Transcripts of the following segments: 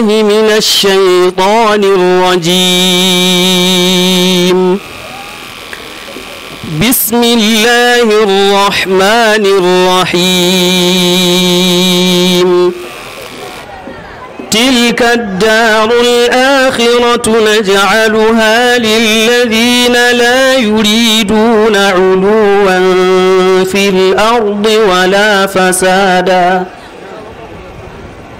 بالله من الشيطان الرجيم بسم الله الرحمن الرحيم تلك الدار الآخرة نجعلها للذين لا يريدون علوا في الأرض ولا فسادا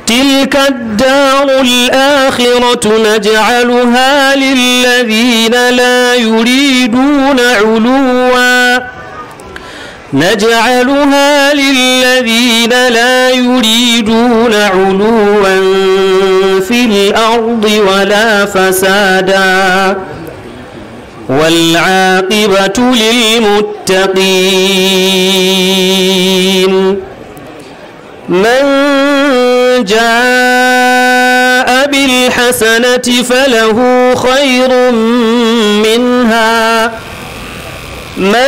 تلك الدار الآخرة نجعلها للذين لا يريدون علوا نجعلها للذين لا يريدون علوا في الأرض ولا فسادا والعاقبة للمتقين من جاء بالحسنة فله خير منها من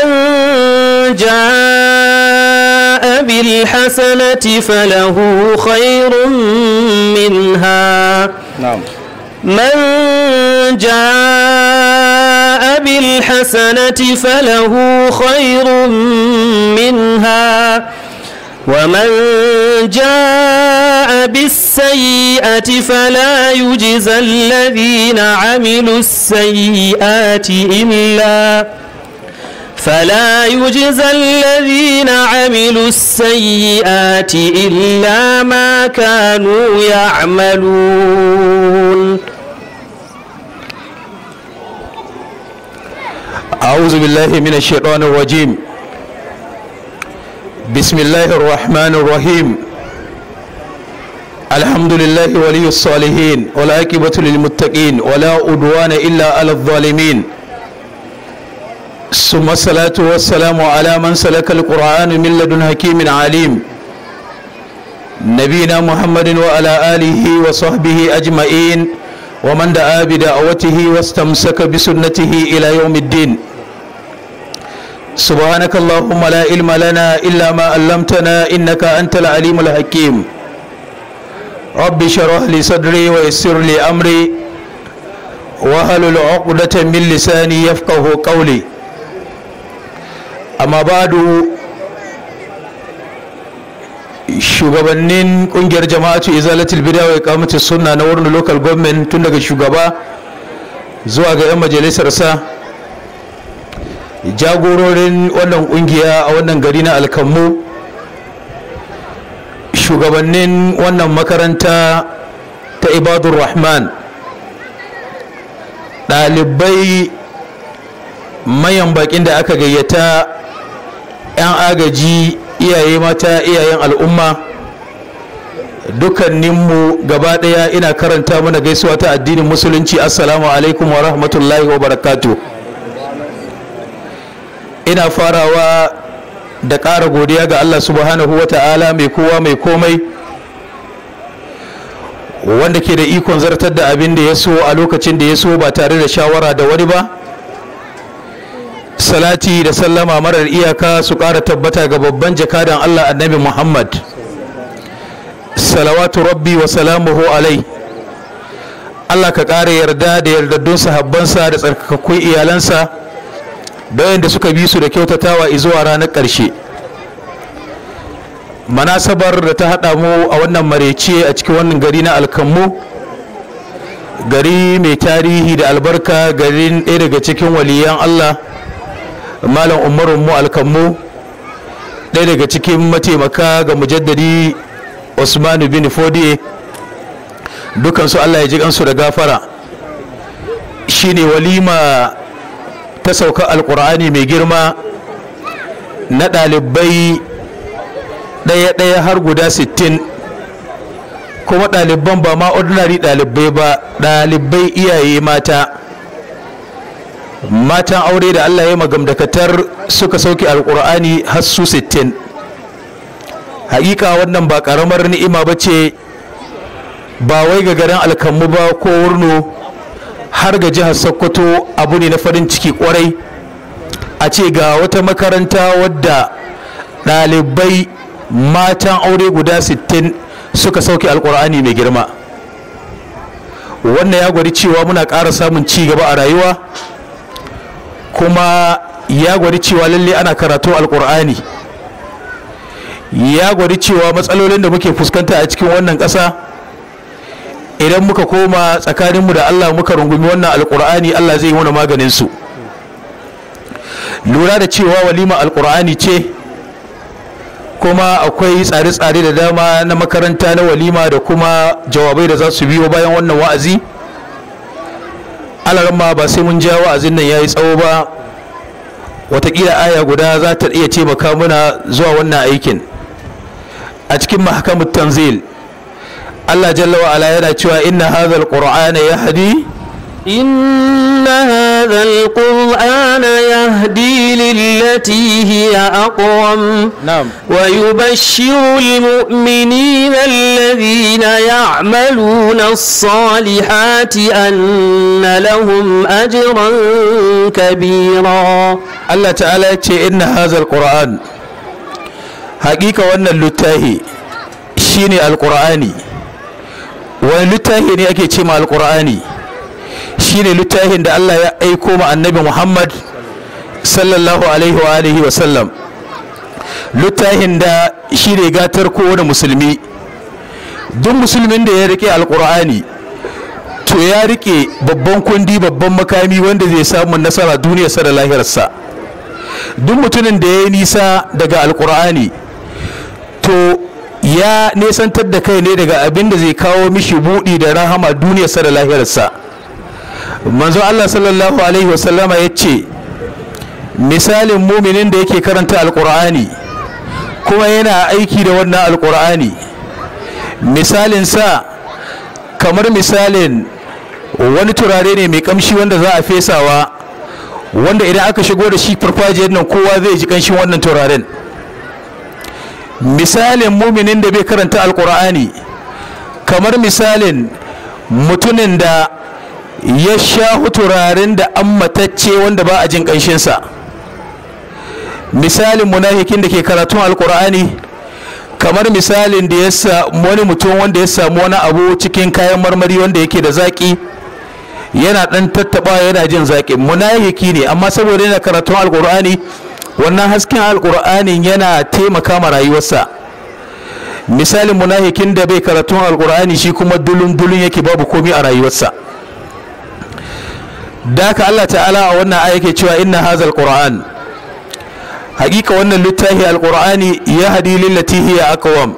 جاء بالحسنة فله خير منها نعم من جاء بالحسنة فله خير منها ومن جاء بالسيئة فلا يجزى الذين عملوا السيئات إلا فلا يجزى الذين عملوا السيئات إلا ما كانوا يعملون أعوذ بالله من الشيطان الرجيم بسم الله الرحمن الرحيم الحمد لله ولي الصالحين والعاقبة للمتقين ولا عدوان إلا على الظالمين ثم الصلاة والسلام على من سلك القرآن من لدن حكيم عليم نبينا محمد وعلى آله وصحبه أجمعين ومن دعا بدعوته واستمسك بسنته إلى يوم الدين سبحانك اللهم لا علم لنا إلا ما علمتنا إنك أنت العليم الحكيم رب شرح لي صدري ويسر لي أمري وهل العقدة من لساني يفقه قولي أما بعد shugabannin kungiyar jama'atu izalatul bid'a wa iqamatus sunna na wurin local government tun daga shugaba zuwa ga yan majalisar jagororin wannan kungiya a wannan gari na alkammu shugabannin wannan makaranta ta ibadun rahman ɗalibai mayan bakin da aka gayyata 'yan agaji iyaye mata iyayen al'umma dukkaninmu gaba ɗaya ina karanta mana gaisuwa ta addinin musulunci assalamu alaikum wa rahmatullahi wa barakatuh ina farawa da ƙara godiya ga Allah subhanahu wa ta'ala mai kowa mai komai wanda ke da ikon zartar da abin da ya so a lokacin da ya so ba tare da shawara da wani ba salati da sallama marar iyaka su ƙara tabbata ga babban jakadan Allah annabi Muhammad salawatu rabbi wa salamuhu alai Allah ka ƙara yarda da yardaddun sahabbansa da tsarkakakkun iyalansa da suka bi su da kyautatawa zuwa ranar ƙarshe manasabar da ta haɗa mu a wannan mareci a cikin wannan gari na alkammu gari mai tarihi da albarka garin ɗaya daga cikin waliyan allah malam umarun mu alkammu ɗaya daga cikin mataimaka ga mujaddadi usmanu bin fodiye dukansu allah ya ji kansu da gafara shine walima ta sauka alkur'ani mai girma na ɗalibai ɗaya-ɗaya har guda sittin kuma ɗaliban ba ma ordinary ɗalibai ba ɗalibai iyaye mata matan aure da allah ya magamdakatar suka sauke alkur'ani har su sittin hakika wannan ba ƙaramar ni'ima ba ce ba wai ga garin alkammu ba ko wurno har ga jihar sokoto abu ne na farin ciki kwarai a ce ga wata makaranta wadda ɗalibai matan aure guda 60 suka sauke alkur'ani mai girma wannan ya gwari cewa muna ƙara samun ci gaba a rayuwa kuma ya gwari cewa lalle ana karatu alkur'ani ya gwari cewa matsalolin da muke fuskanta a cikin wannan ƙasa idan muka koma tsakaninmu da Allah muka rungumi wannan alkur'ani Allah zai yi wani maganin su lura da cewa walima alkur'ani ce kuma akwai tsare-tsare da dama na makaranta na walima da kuma jawabai da za su biyo bayan wannan wa'azi alarma ba sai mun ja wa'azin nan ya yi tsawo ba watakila aya guda za ta iya taimaka muna zuwa wannan aikin a cikin mahakamun tanzil Allah jalla wa yana cewa inna hadha alqur'ana yahdi inna hadha alqur'ana yahdi lillati hiya aqwam na'am wa yubashshiru almu'minina alladhina ya'maluna as-salihati anna lahum ajran kabira Allah ta'ala ya ce inna hadha alqur'an haqiqa wannan littafi shine alqur'ani wani littafi ne ake ce ma alƙur'ani shine littafin da Allah ya aiko ma annabi Muhammad sallallahu alaihi wa alihi wa littafin da shi ne gatar kowane musulmi duk musulmin da ya rike alƙur'ani to ya rike babban kundi babban makami wanda zai samu nasara duniyarsa da lahirarsa duk mutumin da ya yi nisa daga alkur'ani to ya nesantar da kai ne daga abin da zai kawo mishi buɗi da rahama duniyarsa da lahirarsa manzo Allah sallallahu alaihi wasallama ya ce misalin muminin da yake karanta alkur'ani kuma yana aiki da wannan alkur'ani misalin sa kamar misalin wani turare ne mai kamshi wanda za a fesawa wanda idan aka shigo da shi farfajiyar nan kowa zai ji kanshin wannan turaren misalin muminin da bai karanta alkur'ani kamar misalin mutumin da ya sha turaren da an matacce wanda ba a jin ƙanshinsa misalin munafikin da ke karatun alkur'ani kamar misalin da ya samu wani mutum wanda ya samu wani abu cikin kayan marmari wanda yake da zaƙi yana ɗan tattaɓa yana jin zaƙi munafiki ne amma saboda yana karatun alkur'ani wannan hasken alƙur'anin yana taimaka ma rayuwarsa misalin munahikin da bai karatu alƙur'ani shi kuma dulun dulun yake babu komi a rayuwarsa daka Allah ta'ala a wannan aya yake cewa inna haza Alƙur'an. hakika wannan littafi alqur'ani ya hadi lillati hiya aqwam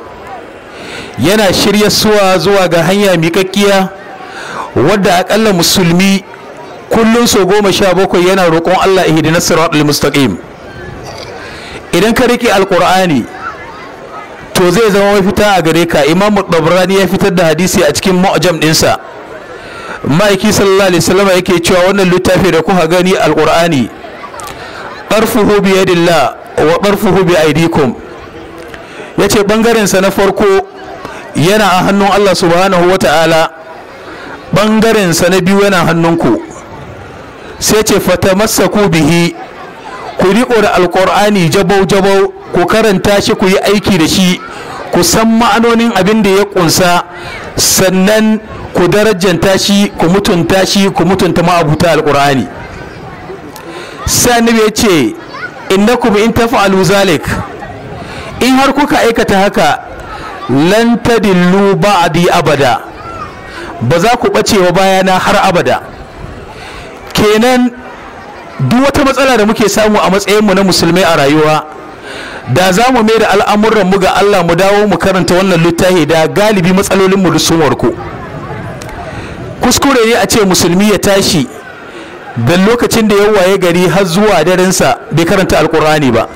yana shirya suwa zuwa ga hanya miƙaƙƙiya wadda akalla musulmi kullum so goma sha bakwai yana roƙon Allah ihdina siratal mustaqim idan ka riƙe alƙur'ani to zai zama mafita a gare ka imamu ɗabrani ya fitar da hadisi a cikin mu'jam ɗinsa ma'aiki sallallahu alaihi wasallam yake cewa wannan littafi da kuka gani alƙur'ani ɗarfuhu bi yadillah wa ɗarfuhu bi aidikum Ya ce sa na farko yana a hannun Allah subhanahu wa ta'ala sa na biyu yana hannunku sai ce ku bihi ku riƙo da alƙur'ani jabau-jabau ku karanta shi ku yi aiki da shi ku san ma'anonin abin da ya ƙunsa sannan ku darajanta shi ku mutunta shi ku mutunta ma'abuta alƙur'ani sani ya ce ku in tafi zalik in har kuka aikata haka lan tadillu ba'di abada ba za ku bace bayana har abada kenan duk wata matsala da muke samu a matsayinmu na musulmai a rayuwa da za mu mai da mu ga Allah mu dawo mu karanta wannan littafi da galibi matsalolinmu da sun warko kuskure ne a ce musulmi ya tashi da lokacin da ya gari har zuwa darensa bai karanta alkur'ani ba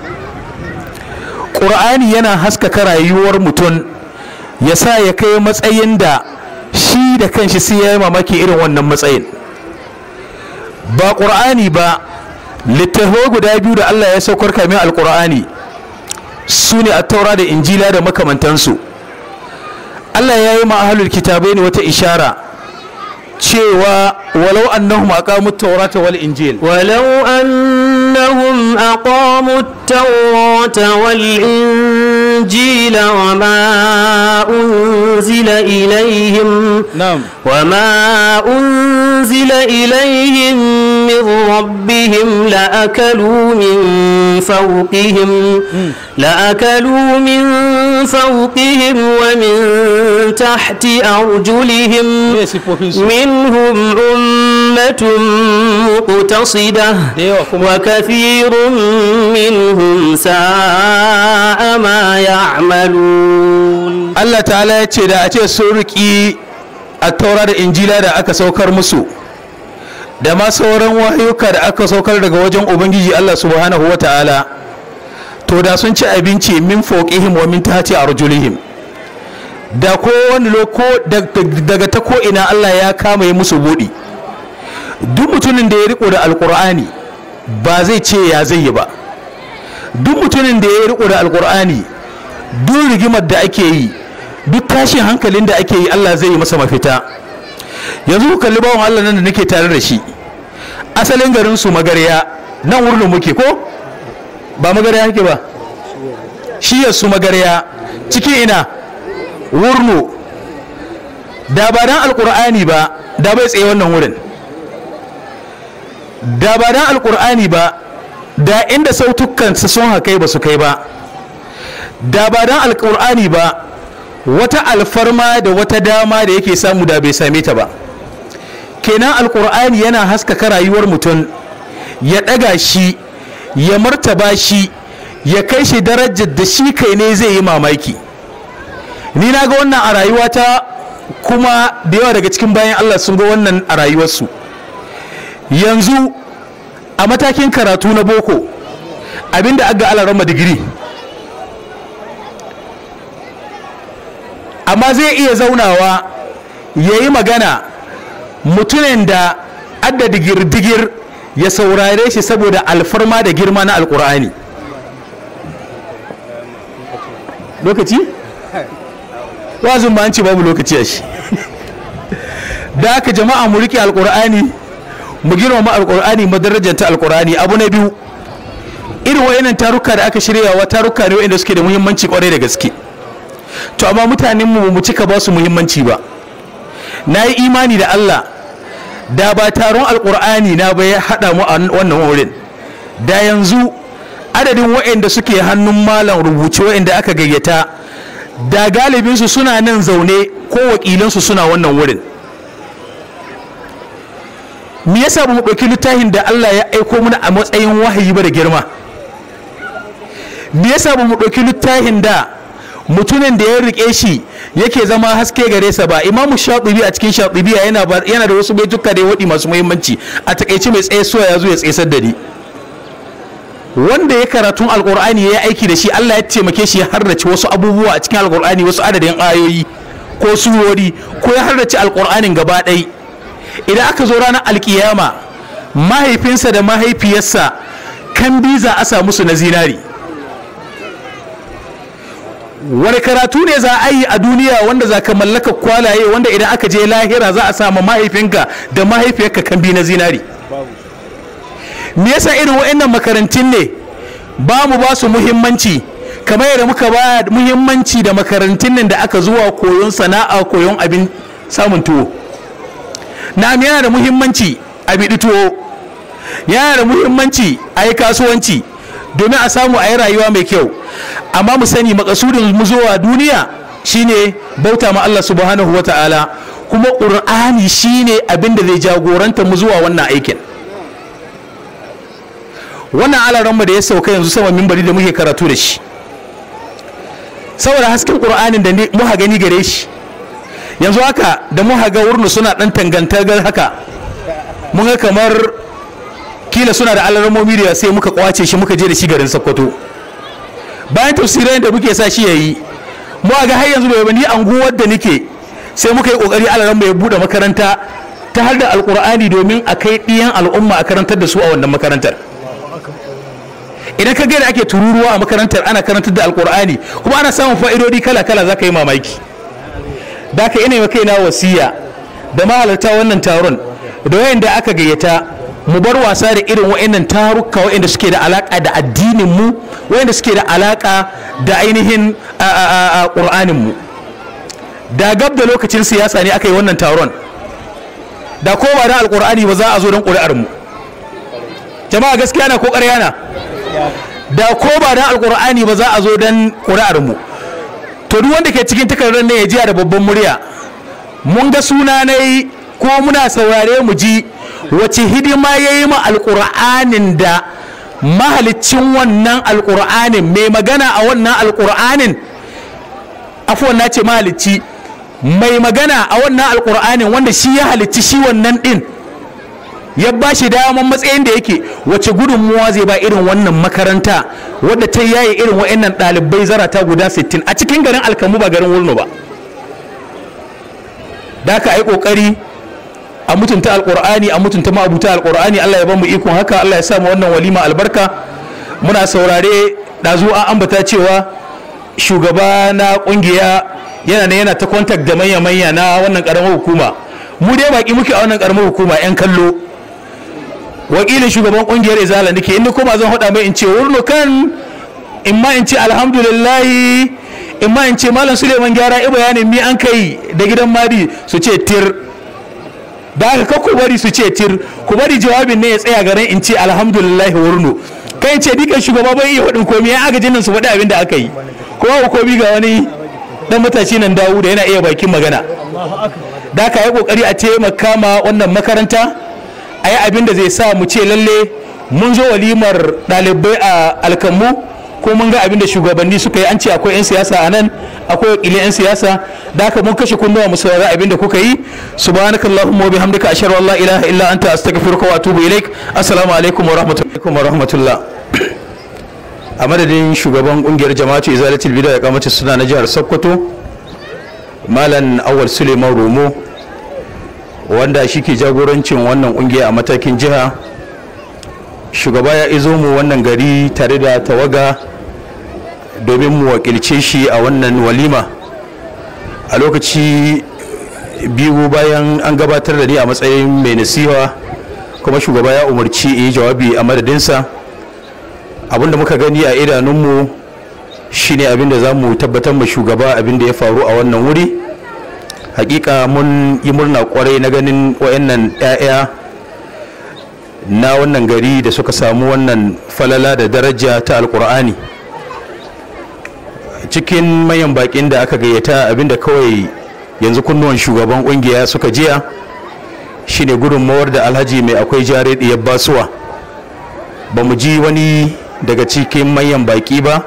ƙur'ani yana haskaka rayuwar mutum ya sa ya kai matsayin da shi da kanshi sai ya yi mamaki irin wannan matsayin ba ƙur'ani ba littafai guda biyu da Allah ya saukar kamin alkur'ani su ne a taura da injila da makamantansu Allah ya yi ma'ahalul kitabai ne wata ishara cewa walau annahum aqamut tawrata wal injil walau an أنهم أقاموا التوراة والإنجيل وما أنزل إليهم نعم وما أنزل إليهم من ربهم لأكلوا من فوقهم لأكلوا من فوقهم ومن تحت أرجلهم منهم أمة مقتصدة وكثير منهم ساء ما يعملون الله تعالى يتشهد أتي سوركي التوراة الإنجيلة da aka saukar musu da ma sauran wayuka da aka saukar daga wajen ubangiji Allah subhanahu wa ta'ala to da sun ci abinci min foƙihim wa min tahti arjulihim da ko wani loko daga ta ko ina Allah ya kama yi musu buɗi duk mutumin da ya riko da alkur'ani ba zai ce ya zai yi ba duk mutumin da ya riko da alkur'ani duk rigimar da ake yi duk tashin hankalin da ake yi Allah zai yi masa mafita yanzu ku kalli bawan Allah nan da nake tare da shi asalin garin su magarya nan wurin muke ko ba magarya yake ba shi ya su magarya ciki ina wurno da ba dan alkur'ani ba da bai tsaye wannan wurin da ba dan alkur'ani ba da inda su sun hakai ba su kai ba da ba dan alkur'ani ba wata alfarma da wata dama da yake samu da bai same ta ba kenan alkur'ani yana haskaka rayuwar mutum ya ɗaga shi ya martaba shi ya kai shi darajar da shi kai ne zai yi mamaki ni na ga wannan a rayuwata kuma da yawa daga cikin bayan Allah sun ga wannan a rayuwarsu yanzu a matakin karatu na boko abinda aga alarama digiri amma zai iya zaunawa ya yi magana mutumin da adda digir-digir ya saurare shi saboda alfarma da girma na alkur'ani lokaci? wazin ba an ce babu lokaci a shi da aka jama'a mu rike alkur'ani mu girmama alkur'ani mu darajanta alkur'ani abu na biyu irin wayanan taruka da aka shirya wa taruka ne wayanda suke da muhimmanci kwarai da gaske to amma mutanenmu ba mu cika ba su muhimmanci ba na yi imani da Allah da ba taron alkur'ani na ba ya haɗa mu a wannan wurin da yanzu adadin waɗanda suke hannun malam rubuce waɗanda aka gayyata da galibinsu suna nan zaune ko wakilansu suna wannan wurin me yasa ba mu ɗauki littafin da Allah ya aiko mana a matsayin wahayi ba da girma me yasa ba mu ɗauki littafin da mutumin da ya rike shi yake zama haske gare sa ba imamu shatibi a cikin shatibiya yana yana da wasu baituka da ya waɗi masu muhimmanci a takaice mai tsaye suwa ya zo ya tsaisar da ni wanda ya karatu alkur'ani ya yi aiki da shi Allah ya taimake shi ya harrace wasu abubuwa a cikin alkur'ani wasu adadin ayoyi ko surori ko ya harrace alkur'anin gaba ɗai idan aka zo ranar alkiyama mahaifinsa da mahaifiyarsa kan biza a samu su na zinari wani karatu ne za a yi a duniya wanda za ka mallaka kwalaye wanda idan aka je lahira za a samu mahaifinka da mahaifiyarka kambi na zinari me yasa irin wa'annan makarantun ne ba mu ba su muhimmanci kamar yadda muka ba muhimmanci da makarantun nan da aka zuwa koyon sana'a koyon abin samun tuwo na'am yana da muhimmanci a biɗi tuwo yana da muhimmanci a yi kasuwanci domin a samu a yi rayuwa mai kyau amma mu sani makasudin mu zuwa duniya shine bauta ma Allah subhanahu wa ta'ala kuma ƙur'ani shine abin da zai jagoranta mu zuwa wannan aikin wannan mu da ya sauka yanzu sama mimbari da muke karatu da shi saboda hasken ƙur'anin da muka gani gare shi yanzu haka da muka ga wurin suna ɗan tangantagar haka mun ga kamar kila suna da alarmomi da sai muka kwace shi muka je da shi garin sokoto bayan tafsirai da muke sa shi yayi mu ga har yanzu bai bani anguwar da nake sai muka yi kokari alarmu ya bude makaranta ta har da alkur'ani domin a kai ɗiyan al'umma a karantar da su a wannan makarantar idan ka ga da ake tururuwa a makarantar ana karantar da alkur'ani kuma ana samun fa'idodi kala kala za ka yi mamaki da ka ina yi kaina wasiya da mahalarta wannan taron da wayan da aka gayyata mu bar wasa da irin wa'annan taruka wa'anda suke da alaka da addinin mu wa'anda suke da alaka da ainihin ƙur'anin mu da gab da lokacin siyasa ne aka yi wannan taron da ko ba da alƙur'ani ba za a zo don ƙuri'ar mu jama'a gaskiya na ko ƙarya na da ko ba da alƙur'ani ba za a zo don ƙuri'ar mu to duk wanda ke cikin takardar ne ya jiya da babban murya mun ga suna yi ko muna saurare mu ji wace hidima ya yi ma alƙur'anin da mahalicin wannan alƙur'anin mai magana a wannan alƙur'anin afuwan ce mahalicci mai magana a wannan alƙur'anin wanda shi ya halicci shi wannan ɗin ya ba shi daman matsayin da yake wace gudunmuwa zai ba irin wannan makaranta wadda ta yaye irin wa'annan ɗalibai zarata guda 60 a cikin garin alkamu ba garin wulno ba da ka yi ƙoƙari a mutunta alkurani a mutunta ma'abuta alkurani Allah ya bamu ikon haka Allah ya sa mu wannan walima albarka muna saurare dazu an ambata cewa shugaba na kungiya yana ne yana ta kwantar da manya manya na wannan karamar hukuma mu dai baki muke a wannan karamar hukuma yan kallo wakilin shugaban kungiyar izala nake inda koma zan hada mai in ce wurno kan in ma in ce alhamdulillah in ma in ce malam suleiman gyara i bayanin mi an kai da gidan mari su ce tir da aka ku bari su ce tir ku bari jawabin ne ya tsaya garin in ce alhamdulillah wurno kai ce dukkan shugaba bai iya faɗin komai ya agajin nan su faɗi abin da aka yi kuma ku komi ga wani dan matashi nan dawo da yana iya bakin magana da haka yi kokari a taimaka ma wannan makaranta a yi abin da zai sa mu ce lalle mun zo walimar ɗalibai a alkammu ko mun ga abin da shugabanni suka yi an ce akwai 'yan siyasa a nan akwai wakilin 'yan siyasa da haka mun kashe kunnuwa mu saurari abin da kuka yi allahumma wa bihamdika ashhadu an la ilaha illa anta astaghfiruka wa atubu ilaik assalamu alaikum wa rahmatullahi wa rahmatullah a madadin shugaban kungiyar jama'atu izalatul bid'a ya kamata suna na jihar Sokoto malam awal suleiman romo wanda shi ke jagorancin wannan kungiya a matakin jiha shugaba ya izo mu wannan gari tare da tawaga domin mu wakilce shi a wannan walima a lokaci biyu bayan an gabatar da ni a matsayin mai nasiha kuma shugaba ya umarci yi jawabi a madadinsa abinda muka gani a idanunmu shine abinda za mu tabbatar ma shugaba abinda ya faru a wannan wuri hakika mun yi murna kwarai na ganin wayannan 'ya'ya na wannan gari da suka samu wannan falala da daraja ta alkur'ani cikin manyan bakin da aka gayyata abinda kawai yanzu kunnuwan shugaban kungiya suka jiya shine gudunmawar da alhaji mai akwai jare diyar basuwa ba mu ji wani daga cikin manyan baki ba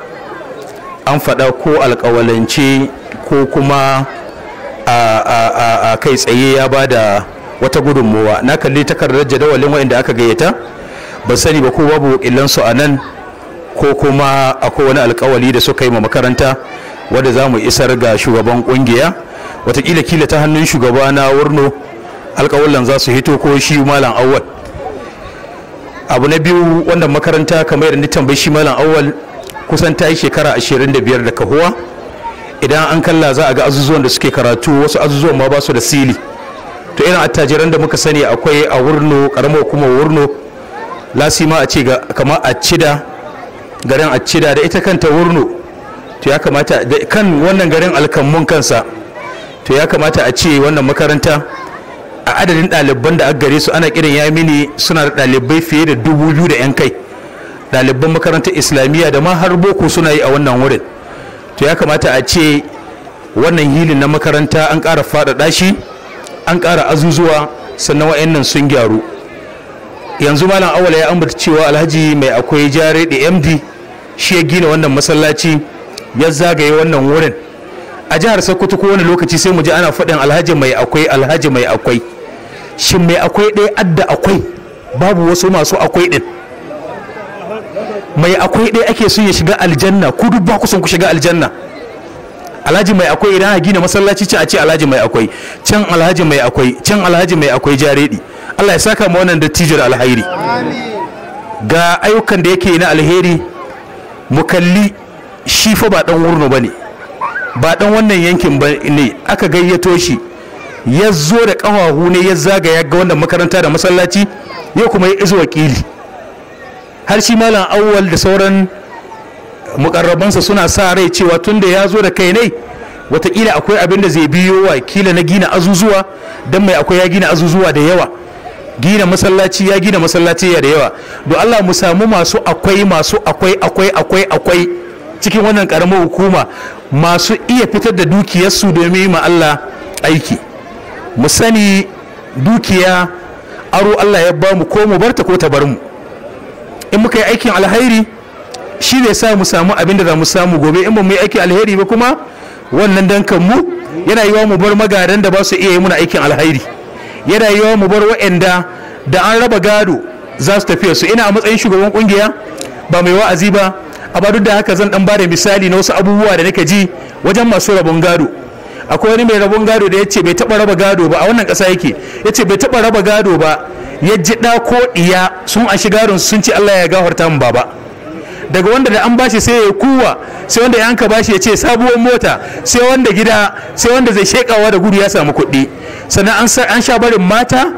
an faɗa ko alkawalance ko kuma a a a kai tsaye ya ba da wata gudunmowa na kalli takardar jadawalin waɗanda aka gayyata ba sani ba ko babu wakilansu a nan ko kuma akwai wani alkawali da suka yi ma makaranta wadda za mu isar ga shugaban kungiya watakila kila ta hannun shugaba na wurno alkawallan za su hito ko shi malam awal abu na biyu wannan makaranta kamar yadda ni tambayi shi malam awal kusan ta yi shekara 25 da kahuwa idan an kalla za a ga azuzuwan da suke karatu wasu azuzuwan ma ba su da sili to irin attajiran da muka sani akwai a wurno karamar kuma wurno lasima a ce kama a cida garin a cida da ita kanta wurno to ya kamata da kan wannan garin alkamun kansa to ya kamata a ce wannan makaranta a adadin ɗaliban da gare su ana kiran ya mini suna da ɗalibai fiye da dubu biyu da yan kai ɗaliban makarantar islamiyya da ma har boko suna yi a wannan wurin to ya kamata a ce wannan hilin na makaranta an ƙara faɗaɗa shi an ƙara azuzuwa sannan nan sun gyaru yanzu malam awala ya ambata cewa alhaji mai akwai jare da md shi ya gina wannan masallaci ya zagaye wannan wurin a jihar sokoto ko wani lokaci sai mu ji ana faɗin alhaji mai akwai alhaji mai akwai shin mai akwai ɗaya adda akwai babu wasu masu akwai ɗin mai akwai ɗaya ake so ya shiga aljanna ku duk ba ku son ku shiga aljanna alhaji mai akwai idan a gina masallaci ce a ce alhaji mai akwai can alhaji mai akwai can alhaji mai akwai jaredi Allah ya saka ma wannan dattijar alhairi ga ayyukan da yake na alheri mu kalli shi fa ba dan wurno ba ne ba dan wannan yankin ba ne aka gayyato shi ya zo da ƙafafu ne ya zagaya ga wannan makaranta da masallaci ya kuma ya izo wakili har shi malam awwal da sauran mukarrabansa suna sa rai cewa tunda ya zo da kai ne watakila akwai abin da zai biyo wakila na gina azuzuwa don mai akwai ya gina azuzuwa da yawa gina masallaci ya gina masallaci ya da yawa do Allah mu samu masu akwai masu akwai akwai akwai akwai cikin wannan karamar hukuma masu iya fitar da dukiyarsu domin ma Allah aiki mu sani dukiya aro Allah ya bamu ko mu barta ko ta bar mu in muka yi aikin alheri shi ne sa mu samu abin da za mu samu gobe in ba mu yi aikin alheri ba kuma wannan dankan mu yana yiwa mu bar magaran da ba su iya yi muna aikin alheri. yana yawa mu bar wa'anda da an raba gado za su tafiya su ina a matsayin shugaban kungiya ba mai wa'azi ba ba duk da haka zan dan bada misali na wasu abubuwa da nake ji wajen masu rabon gado akwai wani mai rabon gado da ya ce bai taba raba gado ba a wannan kasa yake ya ce bai taba raba gado ba ya ji ko ɗiya sun a shigarin sun ce Allah ya gafarta mu baba daga wanda da an ba shi sai ya kuwa sai wanda yanka bashi ya ce sabuwar mota sai wanda gida sai wanda zai shekawa da gudu ya samu kuɗi sannan an sha barin mata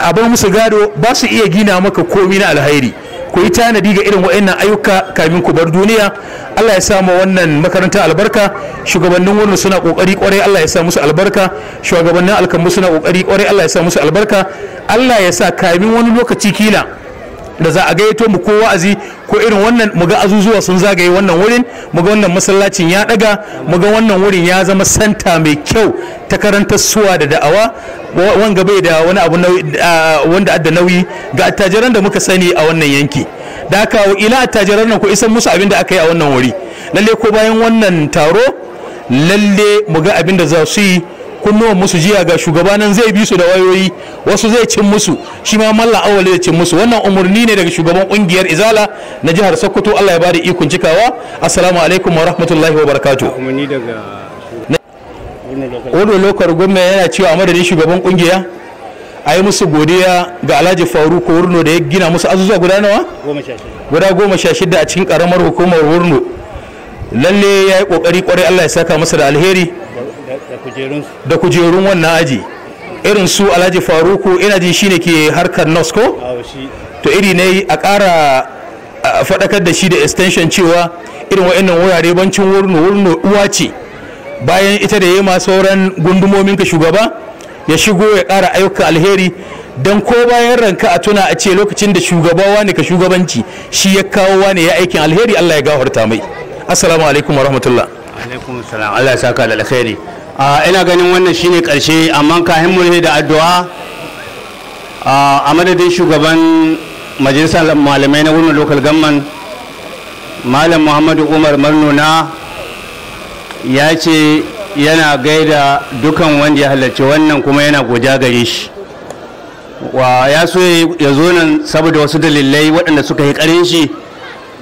a bar musu gado ba su iya gina maka komi na alhairi ku yi tanadi ga irin wa'annan ayyuka kamin ku bar duniya Allah ya sa mu wannan makaranta albarka shugabannin wurin suna kokari kwarai Allah ya sa musu albarka shugabannin alkambu suna kokari kwarai Allah ya sa musu albarka Allah ya sa kamin wani lokaci kila da za a gayyato mu ko wa'azi ko irin wannan mu ga azuzuwa sun zagaye wannan wurin mu ga wannan masallacin ya daga mu ga wannan wurin ya zama santa mai kyau ta karantar suwa da da'awa wanga bai da wani abu wanda adda nauyi ga attajiran da muka sani a wannan yanki da kawo ila attajiran nan ko isan musu abin da aka yi a wannan wuri lalle ko bayan wannan taro lalle mu ga abin da za su yi kunnuwan musu jiya ga shugabanan zai bi su da wayoyi wasu zai cin musu shi ma mallan awali zai cin musu wannan umarni ne daga shugaban kungiyar izala na jihar sokoto allah ya bada ikon cikawa assalamu alaikum wa rahmatullahi wa barakatu wani lokar gwamna yana cewa a madadin shugaban kungiya a yi musu godiya ga alhaji faru ko wurno da ya gina musu azuzuwa guda nawa guda goma sha shida a cikin karamar hukumar wurno lalle ya yi kokari kwarai allah ya saka masa da alheri da kujerun wannan aji irin su alhaji faruku ina ji shine ke harkar nos to iri ne a ƙara faɗakar da shi da extension cewa irin wa'annan wurare bancin wurno wurno uwa ce bayan ita da yema sauran gundumomin ka shugaba ya shigo ya kara ayyuka alheri don ko bayan ranka a tuna a ce lokacin da shugabawa ne ka shugabanci shi ya kawo wani ya aikin alheri Allah ya gafarta mai assalamu alaikum wa alaikum salam Allah ya saka da alheri Ah, ina ganin wannan shine karshe amma kahin murhe da addu'a ah, a madadin shugaban majalisar malamai na wurin local gamman malam muhammadu umar marnuna ya ce yana gaida dukan wanda ya halarci wannan kuma yana goja gare shi wa ya so ya zo nan saboda wasu dalilai waɗanda suka yi ƙarin shi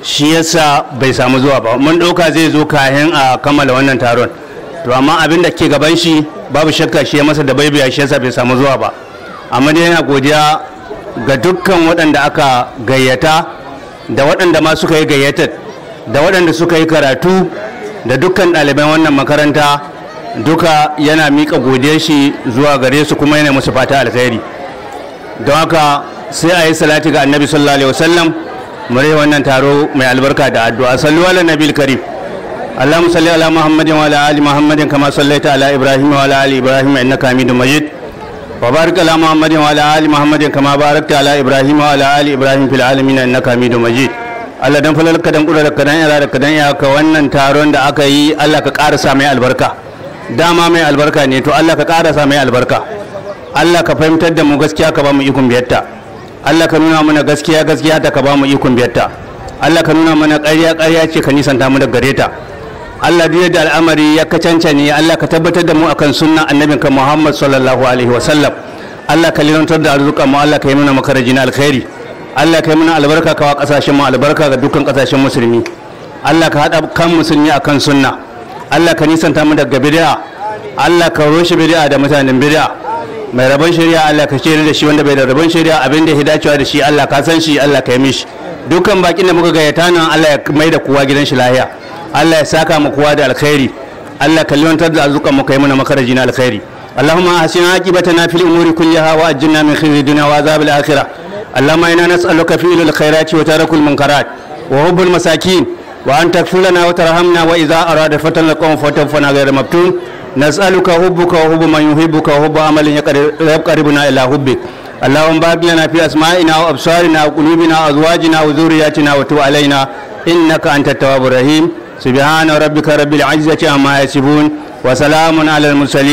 shi yasa bai samu zuwa ba mun ɗauka zai zo kahin a kammala wannan taron to amma abin da ke gaban shi babu shakka shi ya masa da baibiya shi yasa bai samu zuwa ba amma dai yana godiya ga dukkan waɗanda aka gayyata da waɗanda ma suka yi gayyatar da waɗanda suka yi karatu da dukkan ɗaliban wannan makaranta duka yana miƙa godiyar shi zuwa gare su kuma yana musu fata alkhairi don haka sai a yi salati ga annabi sallallahu alaihi wasallam mu wannan taro mai albarka da addu'a sallu ala nabil karim اللهم صل على محمد وعلى ال محمد كما صليت على ابراهيم وعلى ال ابراهيم انك حميد مجيد وبارك على محمد وعلى ال محمد كما باركت على ابراهيم وعلى ال ابراهيم في العالمين انك حميد مجيد Allah dan falalka dan kudarka dan yara ka dan yaka wannan taron da aka yi Allah ka karasa mai albarka dama mai albarka ne to Allah ka karasa mai albarka Allah ka fahimtar da mu gaskiya ka ba mu ikon biyarta Allah ka nuna mana gaskiya gaskiya ta ka ba mu ikon biyarta Allah ka nuna mana ƙarya ƙarya ce ka nisanta mu da gare ta Allah biyu da al'amari ya kacanta ne Allah ka tabbatar da mu akan sunnan annabinka Muhammad sallallahu alaihi wasallam Allah ka lilantar da arzuka mu Allah ka yi mana makaraji na alkhairi Allah ka yi mana albarka kawa kasashen mu albarka ga dukkan kasashen musulmi Allah ka haɗa kan musulmi akan sunna Allah ka nisanta mu daga bid'a Allah ka roshe bid'a da mutanen bid'a mai rabon shari'a Allah ka shirya da shi wanda bai da rabon shari'a abin da ya dacewa da shi Allah ka san shi Allah ka yi mishi dukkan bakin da muka gayyata nan Allah ya mai kowa gidan shi lahiya Allah ya saka mu kowa da alkhairi Allah ka liyantar da azuka mu kai mana makaraji na alkhairi Allahumma hasina aqibatana fil umuri kulliha wa ajinna min khizyid dunya wa azab al akhirah Allahumma inna nas'aluka fi al khairati wa tarakul munkarat wa hubbul masakin wa anta tafsulana wa tarhamna wa idha arada fatan laqum fatan fana ghayr maftun nas'aluka hubbuka wa hubba man yuhibbuka wa hubba amalin yaqribuna ila hubbik اللهم بارك لنا في أسمائنا وأبصارنا وقلوبنا وأزواجنا وذرياتنا وتب علينا إنك أنت التواب الرحيم subhana rabbika rabbil izzati amma yasifun wa salamun alal mursalin